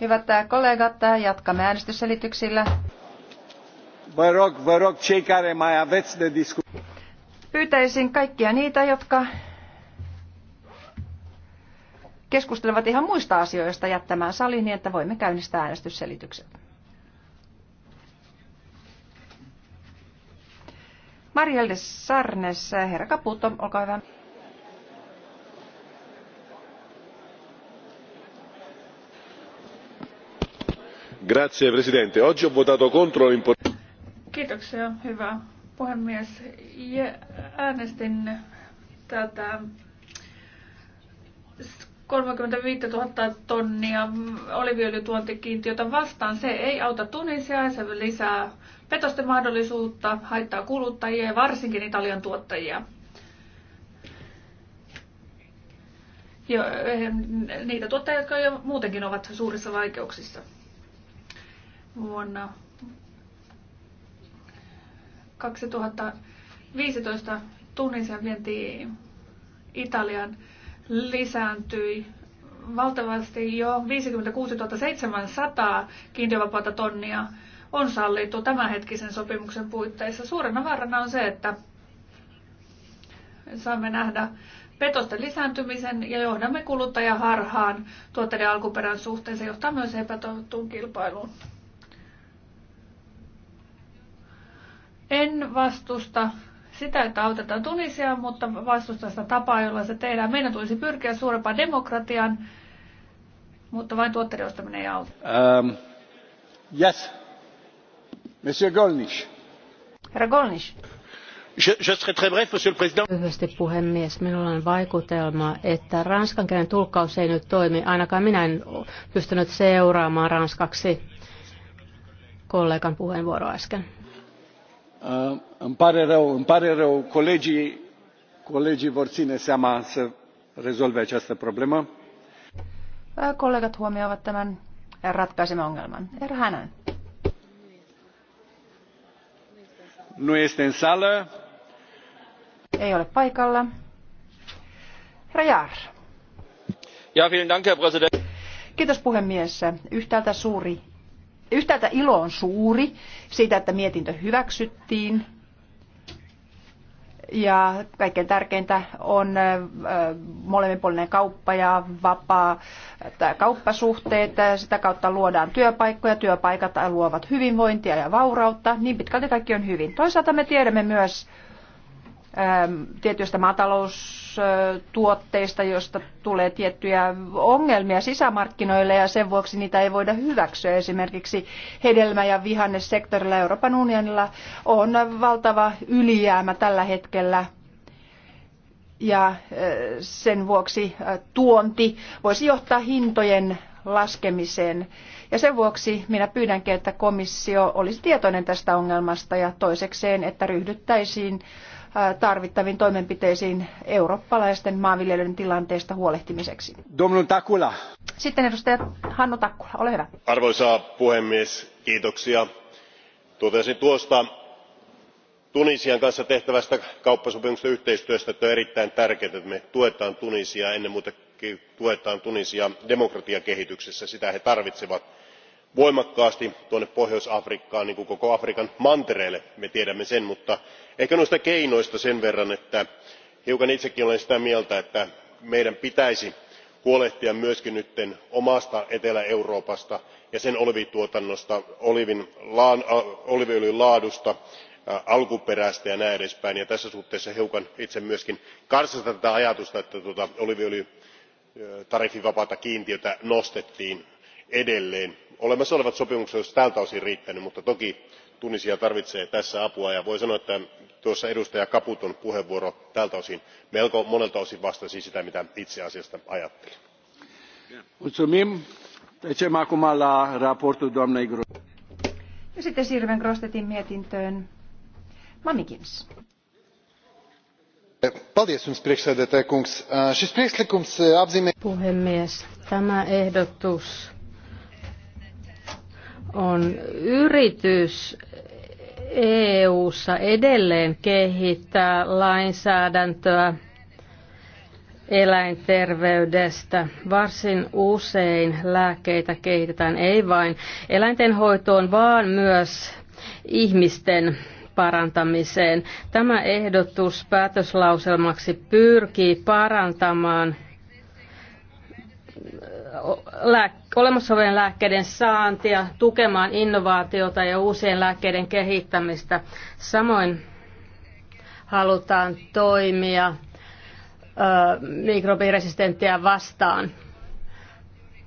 Hyvät äh, kollegat, äh, jatkamme äänestysselityksillä. Vă rog, vă rog, cei care mai aveți de Pyytäisin kaikkia niitä, jotka keskustelevat ihan muista asioista jättämään saliin niin, että voimme käynnistää äänestysselityksen. Marielle Sarnes, äh, herra Caputo, olkaa hyvä. Grazie, presidente. Oggi ho votato contro Kiitoksia, hyvä puhemies. Ja äänestin tätä 35 000 tonnia oliviöljytuontikiintiötä vastaan. Se ei auta Tunisia, se lisää petosten mahdollisuutta, haittaa kuluttajia ja varsinkin Italian tuottajia. Jo, eh, niitä tuottajia, jotka jo muutenkin ovat suurissa vaikeuksissa vuonna 2015 Tunisian vienti Italian lisääntyi valtavasti jo 56 700 kiintiövapaata tonnia on sallittu tämänhetkisen sopimuksen puitteissa. Suurena vaarana on se, että saamme nähdä petosten lisääntymisen ja johdamme kuluttajaharhaan tuotteiden alkuperän suhteen. Se johtaa myös epätoivottuun kilpailuun. En vastusta sitä, että autetaan Tunisia, mutta vastusta sitä tapaa, jolla se tehdään. Meidän tulisi pyrkiä suurempaan demokratiaan, mutta vain tuotteiden ostaminen ei auta. Um, yes. Monsieur Golnish. Herra Golnish. Lyhyesti puhemies, minulla on vaikutelma, että ranskan kielen tulkkaus ei nyt toimi. Ainakaan minä en pystynyt seuraamaan ranskaksi kollegan puheenvuoroa äsken. Îmi pare rău, îmi pare rău. Colegii, vor ține seama să rezolve această problemă. Kollegat huomioivat tämän ongelman. Nu este în sală. Ei ole paikalla. Rajar. Ja, vielen Dank, Herr Präsident. Kiitos puhemies. Yhtäältä suuri Yhtäältä ilo on suuri siitä, että mietintö hyväksyttiin. Ja kaikkein tärkeintä on molemminpuolinen kauppa ja vapaa kauppasuhteet. Sitä kautta luodaan työpaikkoja, työpaikat luovat hyvinvointia ja vaurautta. Niin pitkälti kaikki on hyvin. Toisaalta me tiedämme myös tietyistä maatalous tuotteista, joista tulee tiettyjä ongelmia sisämarkkinoille ja sen vuoksi niitä ei voida hyväksyä. Esimerkiksi hedelmä- ja vihannesektorilla Euroopan unionilla on valtava ylijäämä tällä hetkellä ja sen vuoksi tuonti voisi johtaa hintojen laskemiseen. Ja sen vuoksi minä pyydänkin, että komissio olisi tietoinen tästä ongelmasta ja toisekseen, että ryhdyttäisiin tarvittaviin toimenpiteisiin eurooppalaisten maanviljelijöiden tilanteesta huolehtimiseksi. Domnul Takula. Sitten edustaja Hannu Takkula, ole hyvä. Arvoisa puhemies, kiitoksia. Totesin tuosta tunisian kanssa tehtävästä kauppasopimuksesta yhteistyöstä että on erittäin tärkeää että me tuemme tunisiaa ennen muuta tuemme tunisiaa demokratiakehityksessä sitä he tarvitsevat voimakkaasti tuonne pohjois afrikkaan niin kuin koko afrikan mantereelle me tiedämme sen mutta ehkä noista keinoista sen verran että hiukan itsekin olen sitä mieltä että meidän pitäisi huolehtia myös omasta etelä euroopasta ja sen oliivituotannosta oliiviöljyn laadusta alkuperästä ja näin edespäin ja tässä suhteessa hiukan itse myös karsastan tätä ajatusta että tuota oliiviöljytarifivapaata kiintiötä nostettiin edelleen. olemassa olevat sopimukset olisivat tältä osin riittäneet mutta toki tunisia tarvitsee tässä apua ja voi sanoa että edustaja caputon puheenvuoro tältä osin melko monelta osin vastasi sitä mitä itse asiasta ajattelin. Ja sitten siirrymme Grostetin mietintöön. Mamikins. Eh, Puhemies, tämä ehdotus on yritys EU:ssa edelleen kehittää lainsäädäntöä eläinterveydestä. Varsin usein lääkkeitä kehitetään ei vain eläinten hoitoon, vaan myös ihmisten parantamiseen. Tämä ehdotus päätöslauselmaksi pyrkii parantamaan olemassa olevien lääkkeiden saantia, tukemaan innovaatiota ja uusien lääkkeiden kehittämistä. Samoin halutaan toimia mikrobiresistenttiä vastaan.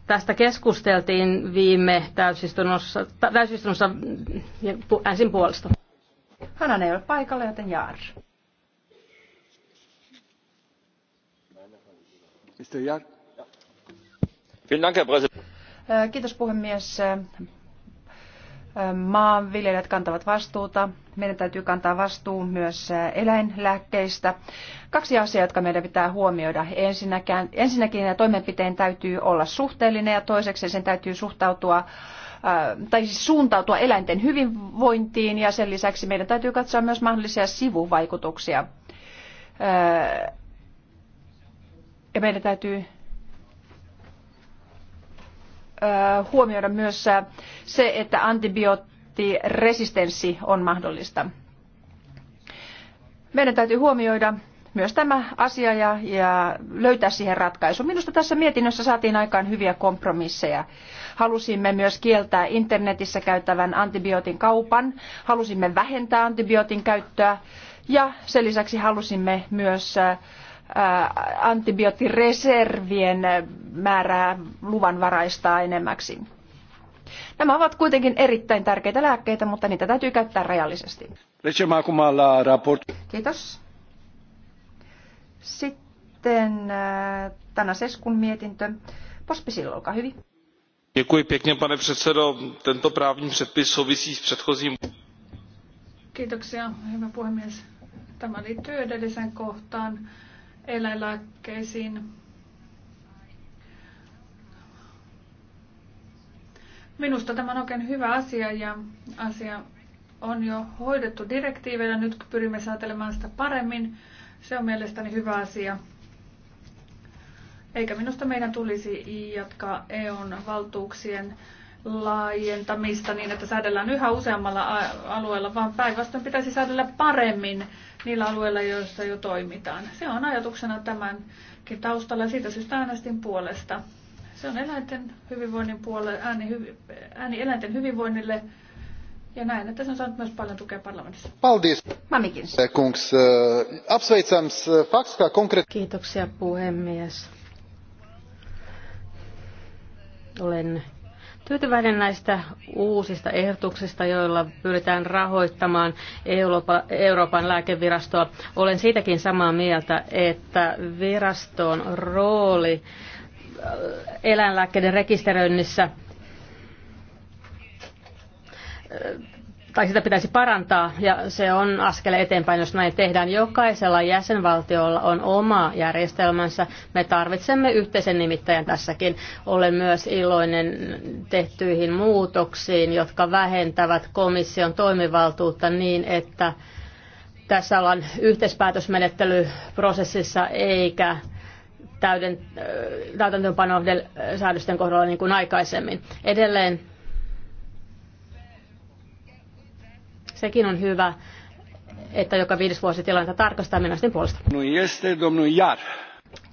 Tästä keskusteltiin viime täysistunnossa, täysistunnossa ensin puolesta. Hanan ei ole paikalla, joten Jaar. Mr. Jaar. Äh, kiitos puhemies. Äh, maanviljelijät kantavat vastuuta. Meidän täytyy kantaa vastuu myös äh, eläinlääkkeistä. Kaksi asiaa, jotka meidän pitää huomioida. Ensinnäkin, toimenpiteen täytyy olla suhteellinen ja toiseksi sen täytyy suhtautua tai siis suuntautua eläinten hyvinvointiin ja sen lisäksi meidän täytyy katsoa myös mahdollisia sivuvaikutuksia. Ja meidän täytyy huomioida myös se, että antibioottiresistenssi on mahdollista. Meidän täytyy huomioida myös tämä asia ja, ja löytää siihen ratkaisu. Minusta tässä mietinnössä saatiin aikaan hyviä kompromisseja. Halusimme myös kieltää internetissä käytävän antibiootin kaupan, halusimme vähentää antibiootin käyttöä ja sen lisäksi halusimme myös antibioottireservien määrää luvanvaraistaa enemmäksi. Nämä ovat kuitenkin erittäin tärkeitä lääkkeitä, mutta niitä täytyy käyttää rajallisesti. Kiitos. Sitten Tana Seskun mietintö. Pospisil, olkaa hyvin. Děkuji pěkně, pane předsedo. Tento právní předpis souvisí s předchozím. Kiitoksia, hyvä puhemies. Tämä liittyy edelliseen kohtaan eläinlääkkeisiin. Minusta tämä on oikein hyvä asia ja asia on jo hoidettu direktiiveillä. Nyt pyrimme säätelemään sitä paremmin. Se on mielestäni hyvä asia. Eikä minusta meidän tulisi jatkaa EUn valtuuksien laajentamista niin, että säädellään yhä useammalla alueella, vaan päinvastoin pitäisi säädellä paremmin niillä alueilla, joissa jo toimitaan. Se on ajatuksena tämänkin taustalla. Siitä syystä äänestin puolesta. Se on eläinten hyvinvoinnin puolelle, ääni, hyvi, ääni eläinten hyvinvoinnille ja näin, että se on saanut myös paljon tukea parlamentissa. Paldies. Mamikin. Kungs, äh, apsveicams äh, konkreet... Kiitoksia puhemies. Olen tyytyväinen näistä uusista ehdotuksista, joilla pyritään rahoittamaan Euroopan lääkevirastoa. Olen siitäkin samaa mieltä, että viraston rooli äh, eläinlääkkeiden rekisteröinnissä – tai sitä pitäisi parantaa, ja se on askel eteenpäin, jos näin tehdään. Jokaisella jäsenvaltiolla on oma järjestelmänsä. Me tarvitsemme yhteisen nimittäjän tässäkin. Olen myös iloinen tehtyihin muutoksiin, jotka vähentävät komission toimivaltuutta niin, että tässä ollaan yhteispäätösmenettelyprosessissa eikä täyden, kohdalla niin kuin aikaisemmin. Edelleen Sekin on hyvä, että joka viides vuosi tilannetta tarkastaa minä sen puolesta. No este, domnul Jar.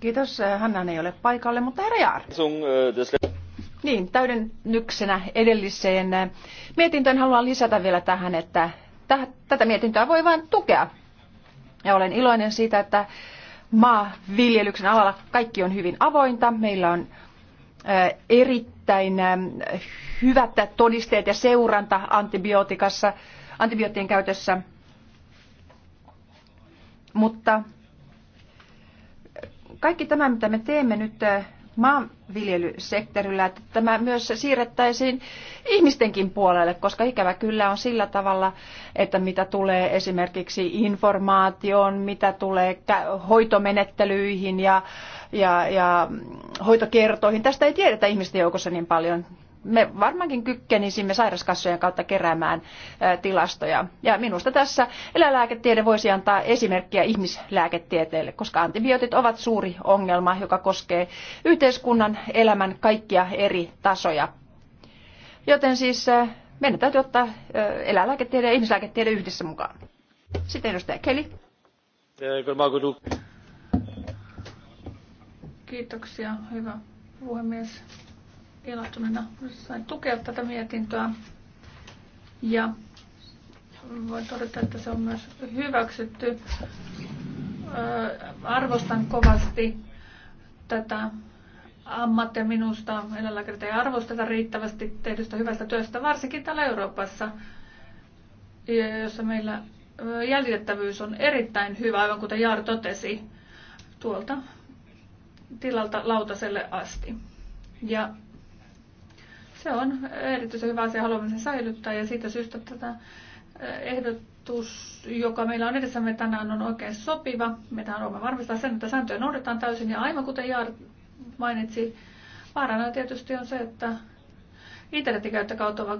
Kiitos. hän äh, ei ole paikalle, mutta herra Jaar. Äh, niin, täydennyksenä edelliseen äh, mietintöön haluan lisätä vielä tähän, että tätä mietintöä voi vain tukea. Ja olen iloinen siitä, että maanviljelyksen alalla kaikki on hyvin avointa. Meillä on erittäin hyvät todisteet ja seuranta antibiootikassa antibioottien käytössä. Mutta kaikki tämä, mitä me teemme nyt äh, maanviljelysektorilla, että tämä myös siirrettäisiin ihmistenkin puolelle, koska ikävä kyllä on sillä tavalla, että mitä tulee esimerkiksi informaatioon, mitä tulee hoitomenettelyihin ja, ja, ja hoitokertoihin. Tästä ei tiedetä ihmisten joukossa niin paljon me varmaankin kykkenisimme sairaskassojen kautta keräämään tilastoja. Ja minusta tässä eläinlääketiede voisi antaa esimerkkiä ihmislääketieteelle, koska antibiootit ovat suuri ongelma, joka koskee yhteiskunnan elämän kaikkia eri tasoja. Joten siis meidän täytyy ottaa eläinlääketiede ja ihmislääketiede yhdessä mukaan. Sitten edustaja Keli. Kiitoksia, hyvä puhemies ilahtuneena sain tukea tätä mietintöä. Ja voin todeta, että se on myös hyväksytty. Arvostan kovasti tätä ammattia minusta. Eläinlääkärit ei arvosteta riittävästi tehdystä hyvästä työstä, varsinkin täällä Euroopassa, jossa meillä jäljitettävyys on erittäin hyvä, aivan kuten Jaar totesi, tuolta tilalta lautaselle asti. Ja se on erityisen hyvä asia, haluamme sen säilyttää ja siitä syystä tätä eh, ehdotus, joka meillä on edessämme tänään, on oikein sopiva. Me haluamme varmistaa sen, että sääntöjä noudatetaan täysin ja aivan kuten Jaar mainitsi, vaarana tietysti on se, että internetin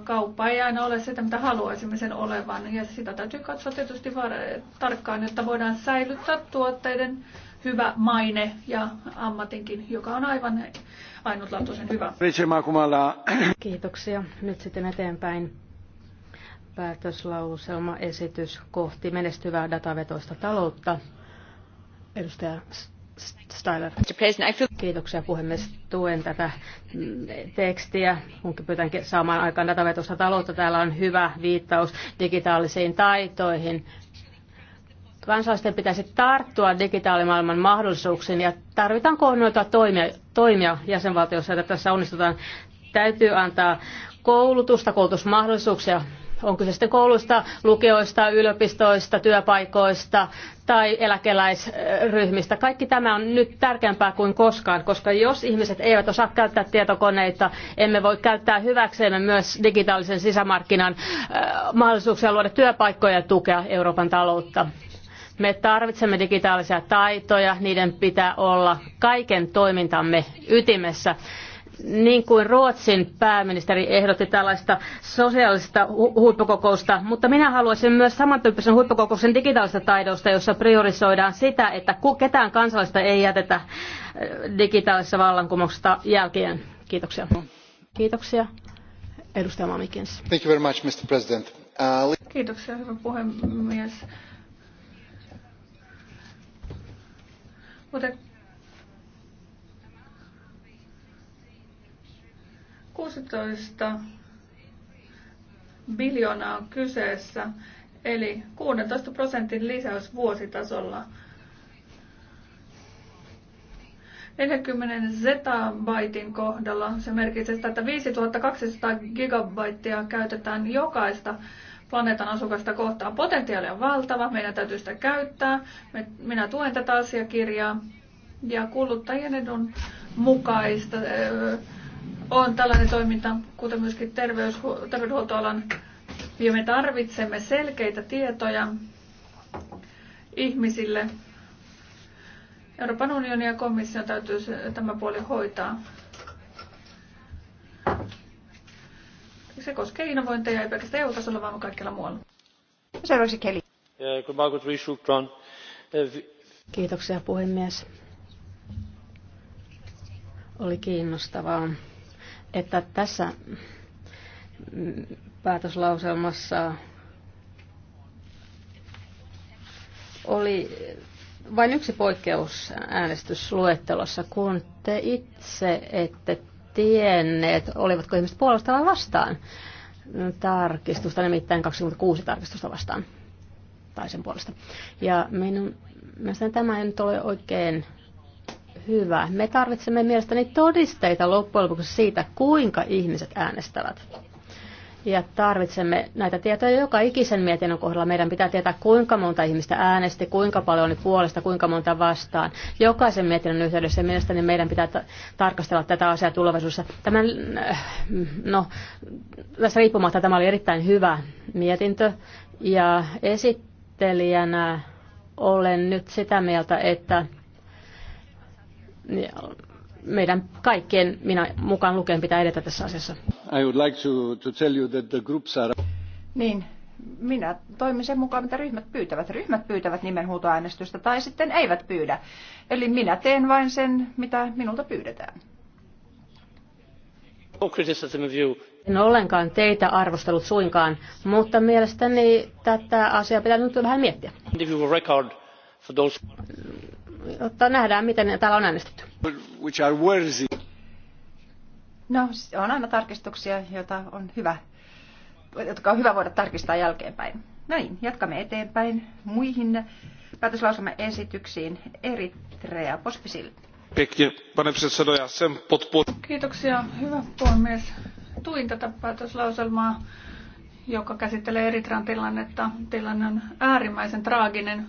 kauppa ei aina ole sitä, mitä haluaisimme sen olevan. Ja sitä täytyy katsoa tietysti tarkkaan, että voidaan säilyttää tuotteiden hyvä maine ja ammatinkin, joka on aivan ainutlaatuisen hyvä. Kiitoksia. Nyt sitten eteenpäin päätöslauselmaesitys esitys kohti menestyvää datavetoista taloutta. Edustaja Styler. Kiitoksia puhemies. Tuen tätä tekstiä, kun pyritään saamaan aikaan datavetosta taloutta. Täällä on hyvä viittaus digitaalisiin taitoihin Kansalaisten pitäisi tarttua digitaalimaailman mahdollisuuksiin ja tarvitaan kohdennettua toimia, toimia jäsenvaltiossa, että tässä onnistutaan. Täytyy antaa koulutusta, koulutusmahdollisuuksia on kyse sitten kouluista, lukioista, yliopistoista, työpaikoista tai eläkeläisryhmistä. Kaikki tämä on nyt tärkeämpää kuin koskaan, koska jos ihmiset eivät osaa käyttää tietokoneita, emme voi käyttää hyväksemme myös digitaalisen sisämarkkinan äh, mahdollisuuksia luoda työpaikkoja ja tukea Euroopan taloutta. Me tarvitsemme digitaalisia taitoja, niiden pitää olla kaiken toimintamme ytimessä niin kuin Ruotsin pääministeri ehdotti tällaista sosiaalista hu- huippukokousta, mutta minä haluaisin myös samantyyppisen huippukokouksen digitaalista taidosta, jossa priorisoidaan sitä, että ketään kansalaista ei jätetä äh, digitaalisessa vallankumouksesta jälkeen. Kiitoksia. Kiitoksia. Edustaja Mamikins. Thank you very much, Mr. President. Uh, Kiitoksia, hyvä puhemies. Mutta 16 biljoonaa on kyseessä, eli 16 prosentin lisäys vuositasolla. 40 zettabaitin kohdalla se merkitsee sitä, että 5200 gigabaittia käytetään jokaista planeetan asukasta kohtaan. Potentiaali on valtava, meidän täytyy sitä käyttää. Minä tuen tätä asiakirjaa ja kuluttajien edun mukaista on tällainen toiminta, kuten myöskin terveys, terveydenhuoltoalan. Ja me tarvitsemme selkeitä tietoja ihmisille. Euroopan unionin ja komission täytyy tämä puoli hoitaa. Se koskee innovointeja ei pelkästään EU-tasolla, vaan kaikilla muualla. Seuraavaksi Keli. Eh, eh, Kiitoksia puhemies. Oli kiinnostavaa, että tässä päätöslauselmassa oli vain yksi poikkeus äänestysluettelossa, kun te itse ette tienneet, olivatko ihmiset puolesta vai vastaan tarkistusta, nimittäin 26 tarkistusta vastaan tai sen puolesta. Ja minun mielestäni tämä ei nyt ole oikein hyvä. Me tarvitsemme mielestäni todisteita loppujen lopuksi siitä, kuinka ihmiset äänestävät. Ja tarvitsemme näitä tietoja joka ikisen mietinnön kohdalla. Meidän pitää tietää, kuinka monta ihmistä äänesti, kuinka paljon oli puolesta, kuinka monta vastaan. Jokaisen mietinnön yhteydessä mielestäni meidän pitää tarkastella tätä asiaa tulevaisuudessa. Tämän, äh, no, tässä riippumatta tämä oli erittäin hyvä mietintö. Ja esittelijänä olen nyt sitä mieltä, että meidän kaikkien, minä mukaan lukien, pitää edetä tässä asiassa. I would like to, to tell you that the groups are... Niin, minä toimin sen mukaan, mitä ryhmät pyytävät. Ryhmät pyytävät nimenhuutoäänestystä tai sitten eivät pyydä. Eli minä teen vain sen, mitä minulta pyydetään. En ollenkaan teitä arvostellut suinkaan, mutta mielestäni tätä asiaa pitää nyt vähän miettiä Ottaa nähdään, miten täällä on äänestetty. Which are worthy. No, on aina tarkistuksia, joita on hyvä, jotka on hyvä voida tarkistaa jälkeenpäin. No niin, jatkamme eteenpäin muihin päätöslauselmaesityksiin. Eritrea Pospisil. pane předsedo, já jsem Kiitoksia, hyvä puhemies. Tuin tätä päätöslauselmaa, joka käsittelee Eritrean tilannetta. Tilanne on äärimmäisen traaginen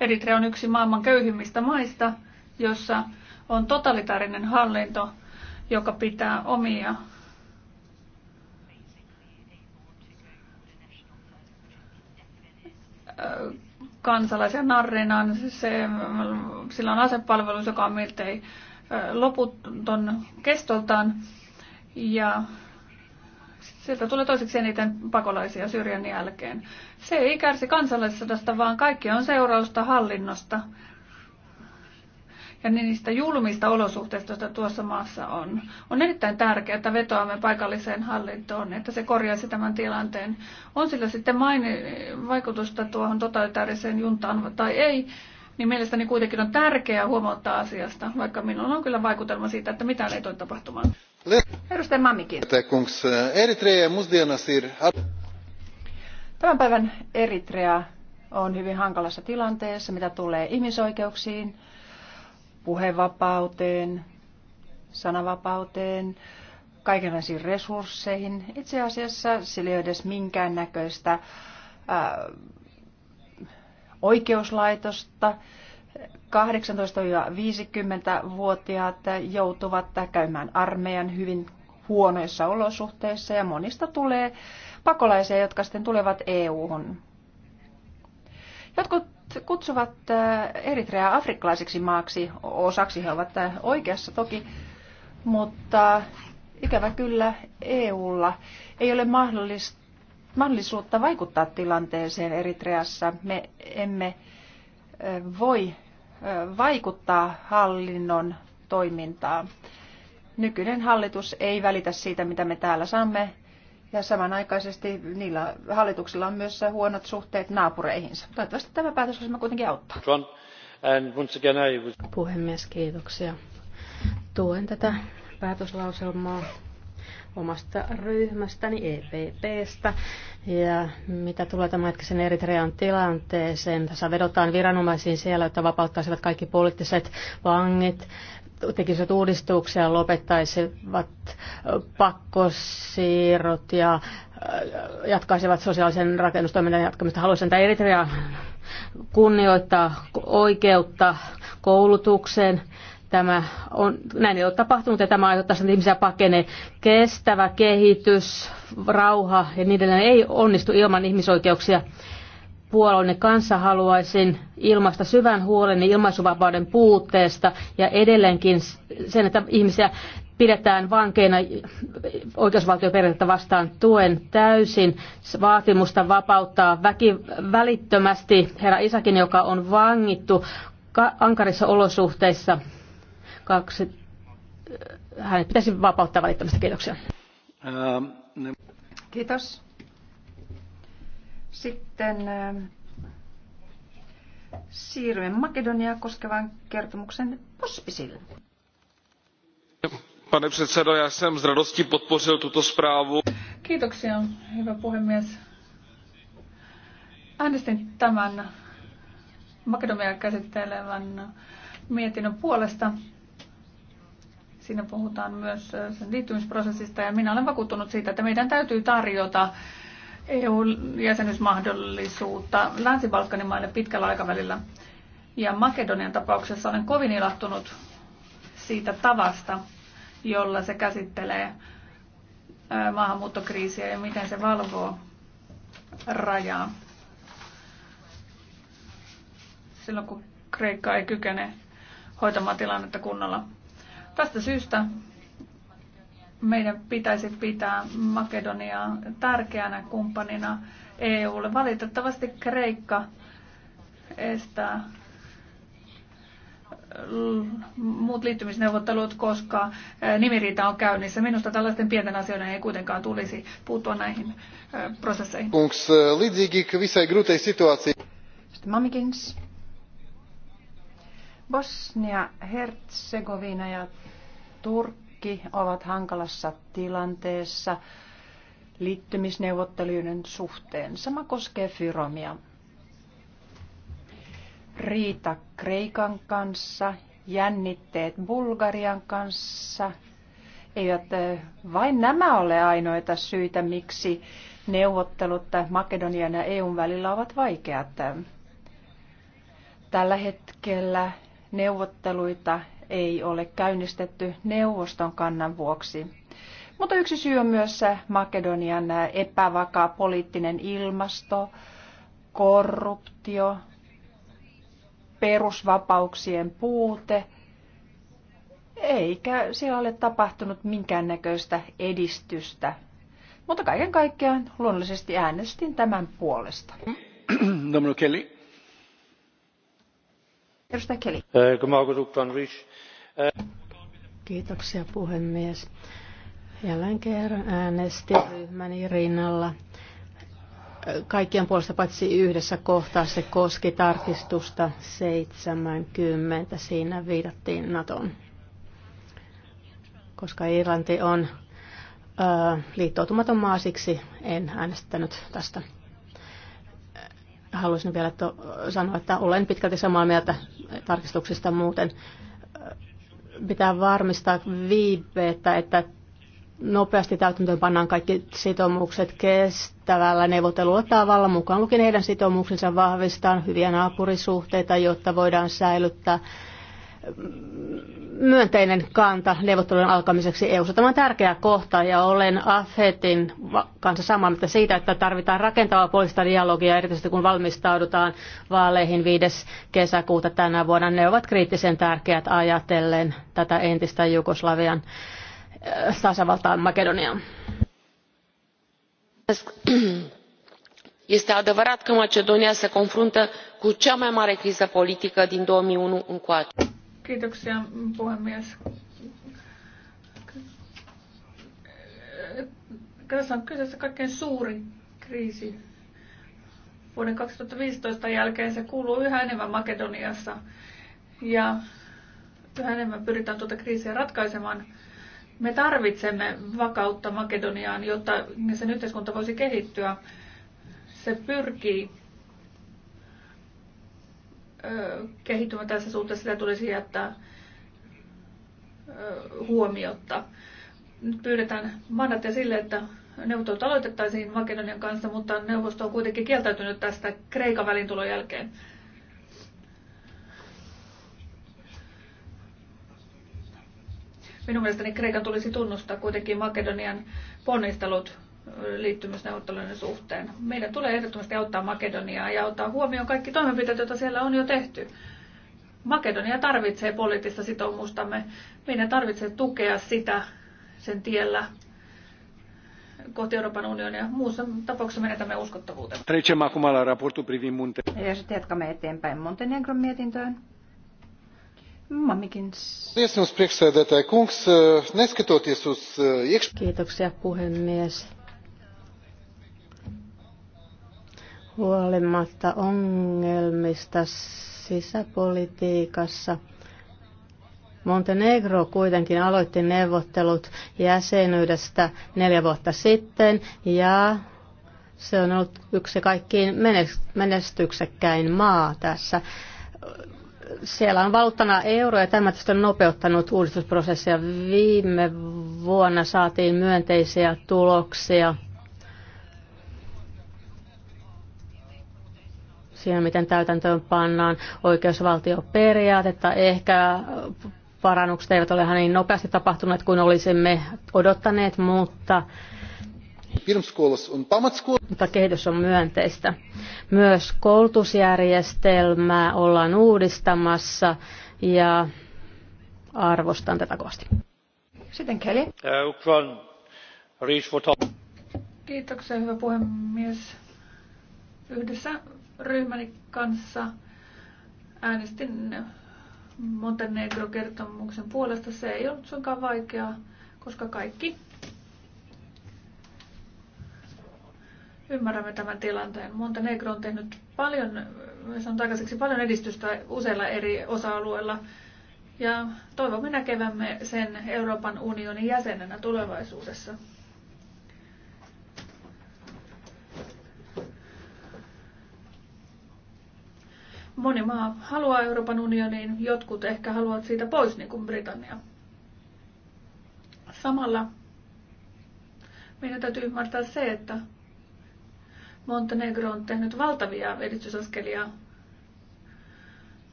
Eritrea on yksi maailman köyhimmistä maista, jossa on totalitaarinen hallinto, joka pitää omia kansalaisia narrinaan. Se, sillä on asepalvelus, joka on miltei loputon kestoltaan. Ja Sieltä tulee toiseksi eniten pakolaisia syrjän jälkeen. Se ei kärsi kansalaissodasta, vaan kaikki on seurausta hallinnosta ja niistä julmista olosuhteista, joita tuossa maassa on. On erittäin tärkeää, että vetoamme paikalliseen hallintoon, että se korjaisi tämän tilanteen. On sillä sitten maini- vaikutusta tuohon totalitaariseen juntaan tai ei, niin mielestäni kuitenkin on tärkeää huomauttaa asiasta, vaikka minulla on kyllä vaikutelma siitä, että mitään ei tule tapahtumaan. Tämän päivän Eritrea on hyvin hankalassa tilanteessa, mitä tulee ihmisoikeuksiin, puhevapauteen, sanavapauteen, kaikenlaisiin resursseihin. Itse asiassa sillä ei ole edes minkäännäköistä ää, oikeuslaitosta. 18-50-vuotiaat joutuvat käymään armeijan hyvin huonoissa olosuhteissa ja monista tulee pakolaisia, jotka sitten tulevat EU-hun. Jotkut kutsuvat äh, Eritreaa afrikkalaiseksi maaksi osaksi, he ovat äh, oikeassa toki, mutta ikävä kyllä EUlla ei ole mahdollisuutta vaikuttaa tilanteeseen Eritreassa. Me emme äh, voi vaikuttaa hallinnon toimintaan. Nykyinen hallitus ei välitä siitä, mitä me täällä saamme, ja samanaikaisesti niillä hallituksilla on myös huonot suhteet naapureihinsa. Toivottavasti tämä päätösasema kuitenkin auttaa. Puhemies, kiitoksia. Tuen tätä päätöslauselmaa omasta ryhmästäni EPPstä. Ja mitä tulee hetkisen Eritrean tilanteeseen, tässä vedotaan viranomaisiin siellä, että vapauttaisivat kaikki poliittiset vangit, tekisivät uudistuksia, lopettaisivat pakkosiirrot ja äh, jatkaisivat sosiaalisen rakennustoiminnan jatkamista. Haluaisin, että Eritrea kunnioittaa oikeutta koulutukseen, Tämä on, näin ei ole tapahtunut ja tämä aiheuttaa sen, että ihmisiä pakenee. Kestävä kehitys, rauha ja niin edelleen ei onnistu ilman ihmisoikeuksia. Puolueen kanssa haluaisin ilmaista syvän huolen ilmaisuvapauden puutteesta ja edelleenkin sen, että ihmisiä pidetään vankeina oikeusvaltioperiaatetta vastaan tuen täysin vaatimusta vapauttaa väki, välittömästi herra Isakin, joka on vangittu ankarissa olosuhteissa Kaksi, hänet pitäisi vapauttaa välittömästi. Kiitoksia. Kiitos. Sitten eh, siirrymme Makedoniaa koskevan kertomuksen Pospisille. Pane předsedo, já jsem s radostí podpořil tuto zprávu. Kiitoksia, hyvä puhemies. Äänestin tämän Makedonia käsittelevän mietinnön puolesta. Siinä puhutaan myös sen liittymisprosessista ja minä olen vakuuttunut siitä, että meidän täytyy tarjota EU-jäsenyysmahdollisuutta Länsi-Balkanin maille pitkällä aikavälillä. Ja Makedonian tapauksessa olen kovin ilahtunut siitä tavasta, jolla se käsittelee maahanmuuttokriisiä ja miten se valvoo rajaa. Silloin kun Kreikka ei kykene hoitamaan tilannetta kunnolla. Tästä syystä meidän pitäisi pitää Makedoniaa tärkeänä kumppanina EUlle. Valitettavasti Kreikka estää muut liittymisneuvottelut, koska nimiriita on käynnissä. Minusta tällaisten pienten asioiden ei kuitenkaan tulisi puuttua näihin prosesseihin. Sitten Mamikins. Bosnia, Herzegovina ja Turkki ovat hankalassa tilanteessa liittymisneuvottelijoiden suhteen. Sama koskee Fyromia. Riita Kreikan kanssa, jännitteet Bulgarian kanssa. Eivät vain nämä ole ainoita syitä, miksi neuvottelut Makedonian ja EUn välillä ovat vaikeat. Tällä hetkellä neuvotteluita ei ole käynnistetty neuvoston kannan vuoksi. Mutta yksi syy on myös Makedonian epävakaa poliittinen ilmasto, korruptio, perusvapauksien puute, eikä siellä ole tapahtunut minkäännäköistä edistystä. Mutta kaiken kaikkiaan luonnollisesti äänestin tämän puolesta. Domnul Kelly arvoisa eh, eh. Kiitoksia puhemies. Jälleen kerran äänestin ryhmäni rinnalla kaikkien puolesta paitsi yhdessä kohtaa se koski tarkistusta seitsemänkymmentä Siinä viitattiin NATOon. Koska Irlanti on ö, liittoutumaton maa, siksi en äänestänyt tästä haluaisin vielä to- sanoa, että olen pitkälti samaa mieltä tarkistuksista muuten. Pitää varmistaa viipeettä, että nopeasti täytäntöön pannaan kaikki sitoumukset kestävällä neuvotelulla tavalla, mukaan lukien heidän sitoumuksensa vahvistaa hyviä naapurisuhteita, jotta voidaan säilyttää myönteinen kanta neuvottelujen alkamiseksi EU. Tämä on tärkeä kohta ja olen Afetin kanssa samaa mieltä siitä, että tarvitaan rakentavaa poliittista dialogia, erityisesti kun valmistaudutaan vaaleihin 5. kesäkuuta tänä vuonna. Ne ovat kriittisen tärkeät ajatellen tätä entistä Jugoslavian eh, tasavaltaa Makedoniaan. Este adevărat că Macedonia se confruntă cu cea mai mare criză politică din 2001 încoace Kiitoksia puhemies. Tässä on kyseessä kaikkein suurin kriisi vuoden 2015 jälkeen. Se kuuluu yhä enemmän Makedoniassa ja yhä enemmän pyritään tuota kriisiä ratkaisemaan. Me tarvitsemme vakautta Makedoniaan, jotta sen yhteiskunta voisi kehittyä. Se pyrkii kehittymä tässä suhteessa, sitä tulisi jättää huomiota. Nyt pyydetään mandaattia sille, että neuvottelut aloitettaisiin Makedonian kanssa, mutta neuvosto on kuitenkin kieltäytynyt tästä Kreikan välintulon jälkeen. Minun mielestäni Kreikan tulisi tunnustaa kuitenkin Makedonian ponnistelut liittymisneuvottelujen suhteen. Meidän tulee ehdottomasti auttaa Makedoniaa ja ottaa huomioon kaikki toimenpiteet, joita siellä on jo tehty. Makedonia tarvitsee poliittista sitoumustamme. Meidän tarvitsee tukea sitä sen tiellä kohti Euroopan unionia. Muussa tapauksessa menetämme uskottavuuteen. Trecem acum la raportul privind Munte. Ja sitten jatkamme eteenpäin Montenegron mietintöön. Mamikins. Uh, Kiitoksia puhemies Huolimatta ongelmista sisäpolitiikassa Montenegro kuitenkin aloitti neuvottelut jäsenyydestä neljä vuotta sitten ja se on ollut yksi kaikkiin menestyksekkäin maa tässä. Siellä on valuuttana euro ja tämä on nopeuttanut uudistusprosessia. Viime vuonna saatiin myönteisiä tuloksia siinä, miten täytäntöön pannaan oikeusvaltioperiaatetta. Ehkä parannukset eivät ole ihan niin nopeasti tapahtuneet kuin olisimme odottaneet, mutta mutta kehitys on myönteistä. Myös koulutusjärjestelmää ollaan uudistamassa ja arvostan tätä kovasti. Sitten Kelly. Uh, Kiitoksia, hyvä puhemies. Yhdessä ryhmäni kanssa äänestin Montenegro-kertomuksen puolesta. Se ei ollut suinkaan vaikeaa, koska kaikki ymmärrämme tämän tilanteen. Montenegro on tehnyt paljon, on aikaiseksi paljon edistystä useilla eri osa-alueilla ja toivomme näkevämme sen Euroopan unionin jäsenenä tulevaisuudessa. Moni maa haluaa Euroopan unioniin, jotkut ehkä haluavat siitä pois, niin kuin Britannia. Samalla meidän täytyy ymmärtää se, että Montenegro on tehnyt valtavia edistysaskelia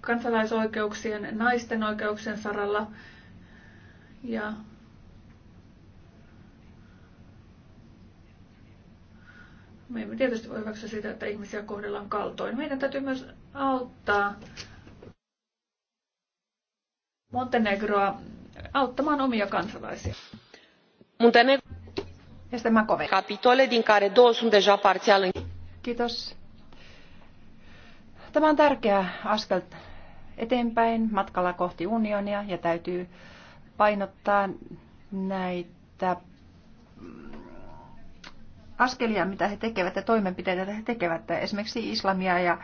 kansalaisoikeuksien, naisten oikeuksien saralla. Ja me emme tietysti voi hyväksyä sitä, että ihmisiä kohdellaan kaltoin. Meidän täytyy myös auttaa Montenegroa auttamaan omia kansalaisia. Montenegro este Macove. Capitole din care două sunt deja parțial Kiitos. Tämä on tärkeä askel eteenpäin matkalla kohti unionia ja täytyy painottaa näitä askelia, mitä he tekevät ja toimenpiteitä, mitä he tekevät, esimerkiksi islamia ja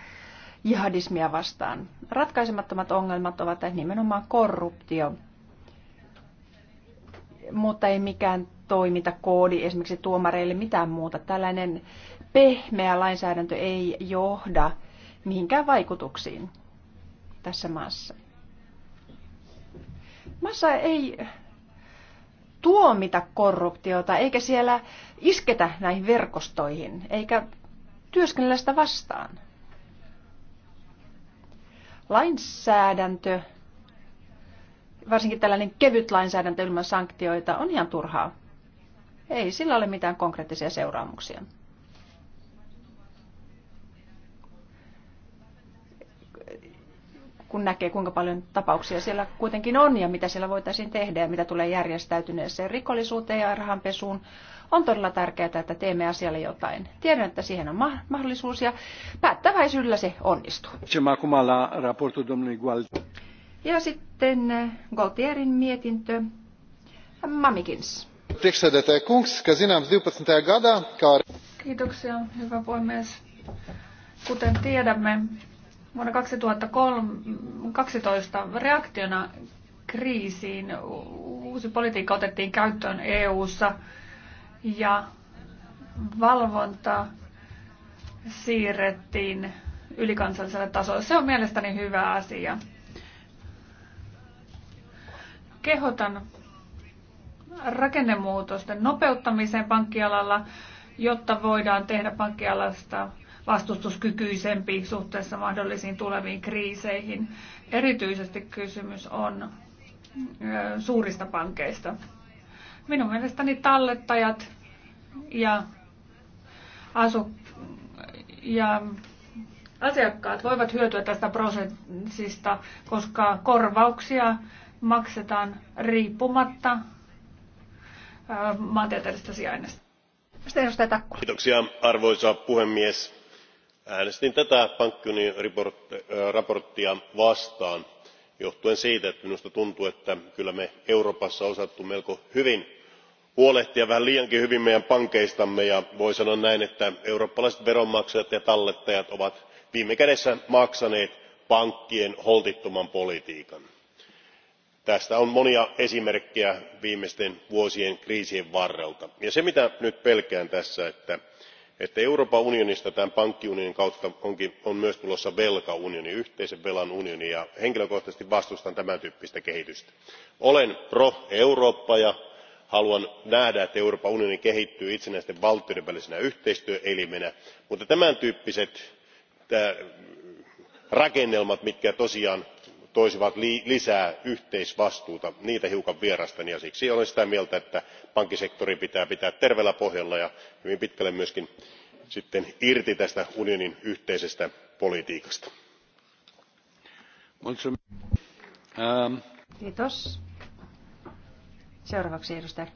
jihadismia vastaan. Ratkaisemattomat ongelmat ovat nimenomaan korruptio, mutta ei mikään toimintakoodi esimerkiksi tuomareille mitään muuta. Tällainen pehmeä lainsäädäntö ei johda mihinkään vaikutuksiin tässä maassa. Maassa ei tuomita korruptiota, eikä siellä isketä näihin verkostoihin, eikä työskennellä sitä vastaan lainsäädäntö, varsinkin tällainen kevyt lainsäädäntö ilman sanktioita, on ihan turhaa. Ei sillä ole mitään konkreettisia seuraamuksia. kun näkee, kuinka paljon tapauksia siellä kuitenkin on ja mitä siellä voitaisiin tehdä ja mitä tulee järjestäytyneeseen rikollisuuteen ja rahanpesuun, on todella tärkeää, että teemme asialle jotain. Tiedän, että siihen on mahdollisuus ja päättäväisyydellä se onnistuu. Ja sitten eh, Galtierin mietintö Mamikins. Kiitoksia, hyvä puhemies. Kuten tiedämme, Vuonna 2012 reaktiona kriisiin uusi politiikka otettiin käyttöön EU:ssa ja valvonta siirrettiin ylikansalliselle tasolle. Se on mielestäni hyvä asia. Kehotan rakennemuutosten nopeuttamiseen pankkialalla, jotta voidaan tehdä pankkialasta vastustuskykyisempi suhteessa mahdollisiin tuleviin kriiseihin. Erityisesti kysymys on suurista pankeista. Minun mielestäni tallettajat ja, asu- ja asiakkaat voivat hyötyä tästä prosessista, koska korvauksia maksetaan riippumatta maantieteellisestä sijainnista. Kiitoksia, arvoisa puhemies äänestin tätä pankkiunionin mietintöä vastaan johtuen siitä että minusta tuntuu että kyllä me euroopassa olemme osanneet melko hyvin huolehtia vähän liiankin hyvin meidän pankeistamme ja voi sanoa näin että eurooppalaiset veronmaksajat ja tallettajat ovat viime kädessä maksaneet pankkien holtittoman politiikan. tästä on monia esimerkkejä viimeisten vuosien kriisien varrelta se mitä nyt pelkään tässä on että että euroopan unionista tämän pankkiunionin kautta on myös tulossa velkaunioni yhteisen velan unioni ja henkilökohtaisesti vastustan tämän tyyppistä kehitystä. olen pro eurooppa ja haluan nähdä että euroopan unioni kehittyy itsenäisten valtioiden välisenä yhteistyöelimenä mutta tämän tyyppiset rakennelmat mitkä tosiaan toisivat lisää yhteisvastuuta niitä hiukan vierastan ja siksi olen sitä mieltä että pankkisektori pitää pitää terveellä pohjalla ja hyvin pitkälle myös sitten irti tästä unionin yhteisestä politiikasta. Ähm. Kiitos. Seuraavaksi äh,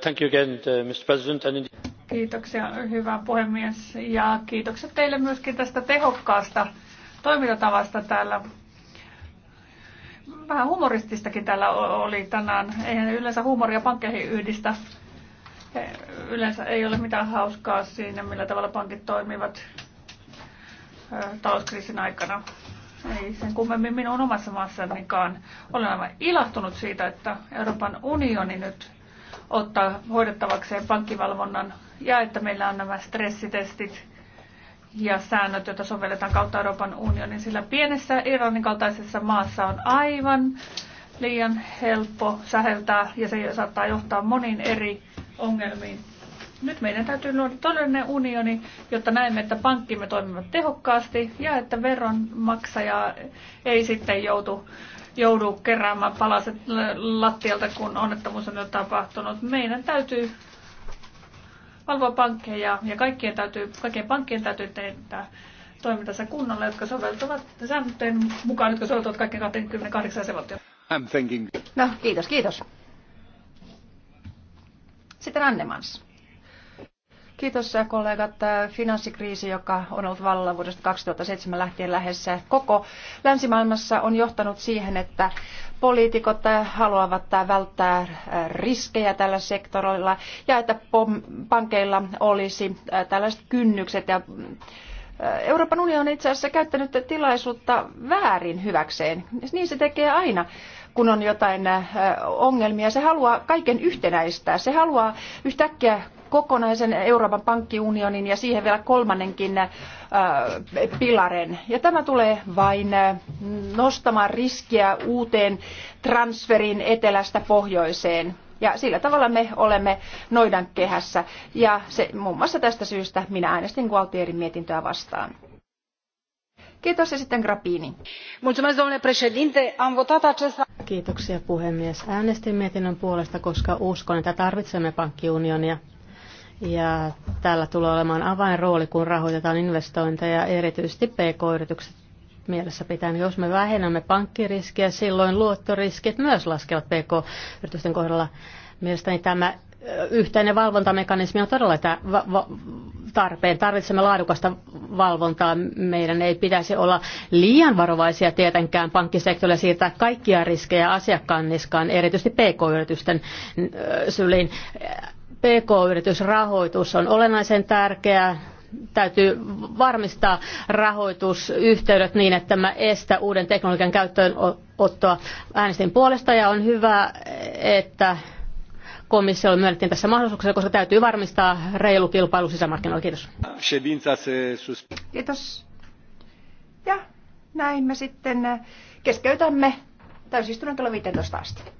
Thank you again, uh, Mr. President. Kiitoksia, hyvä puhemies, ja kiitokset teille myöskin tästä tehokkaasta toimintatavasta täällä Vähän humorististakin täällä oli tänään. Eihän yleensä huumoria pankkeihin yhdistä. Yleensä ei ole mitään hauskaa siinä, millä tavalla pankit toimivat talouskriisin aikana. Ei sen kummemmin minun omassa maassanikaan. Olen aivan ilahtunut siitä, että Euroopan unioni nyt ottaa hoidettavakseen pankkivalvonnan ja että meillä on nämä stressitestit ja säännöt, joita sovelletaan kautta Euroopan unionin, sillä pienessä Iranin kaltaisessa maassa on aivan liian helppo säheltää ja se saattaa johtaa moniin eri ongelmiin. Nyt meidän täytyy luoda todellinen unioni, jotta näemme, että pankkimme toimivat tehokkaasti ja että veronmaksaja ei sitten joutu, joudu keräämään palaset lattialta, kun onnettomuus on jo tapahtunut. Meidän täytyy valvoa pankkeja ja kaikkien, täytyy, kaikkien pankkien täytyy tehdä toimintansa kunnolla, jotka soveltuvat sääntöjen mukaan, jotka soveltuvat kaikkien 28 jäsenvaltioon. I'm thinking. No, kiitos, kiitos. Sitten Annemans. Kiitos äh, kollegat. Äh, finanssikriisi, joka on ollut vallalla vuodesta 2007 lähtien lähes äh, koko länsimaailmassa, on johtanut siihen, että poliitikot haluavat välttää riskejä tällä sektorilla ja että pankeilla olisi tällaiset kynnykset ja Euroopan unioni on itse asiassa käyttänyt tilaisuutta väärin hyväkseen. Niin se tekee aina, kun on jotain ongelmia. Se haluaa kaiken yhtenäistää. Se haluaa yhtäkkiä kokonaisen Euroopan pankkiunionin ja siihen vielä kolmannenkin äh, pilaren. Ja tämä tulee vain äh, nostamaan riskiä uuteen transferiin etelästä pohjoiseen. Ja sillä tavalla me olemme noidan kehässä. Ja se, muun muassa tästä syystä minä äänestin Gualtierin mietintöä vastaan. Kiitos ja sitten Grappini. Kiitoksia puhemies. Äänestin mietinnön puolesta, koska uskon, että tarvitsemme pankkiunionia. Ja tällä tulee olemaan avainrooli, kun rahoitetaan investointeja, erityisesti pk-yritykset mielessä pitää, Jos me vähennämme pankkiriskiä, silloin luottoriskit myös laskevat pk-yritysten kohdalla. Mielestäni tämä yhteinen valvontamekanismi on todella tarpeen. Tarvitsemme laadukasta valvontaa. Meidän ei pitäisi olla liian varovaisia tietenkään pankkisektorilla siirtää kaikkia riskejä asiakkaan niskaan, erityisesti pk-yritysten syliin. PK-yritysrahoitus on olennaisen tärkeää. Täytyy varmistaa rahoitusyhteydet niin, että tämä estä uuden teknologian käyttöönottoa. Äänestin puolesta ja on hyvä, että komissiolle myönnettiin tässä mahdollisuuksia, koska täytyy varmistaa reilu kilpailu sisämarkkinoilla. Kiitos. Kiitos. Ja näin me sitten keskeytämme täysistunnon kello 15 asti.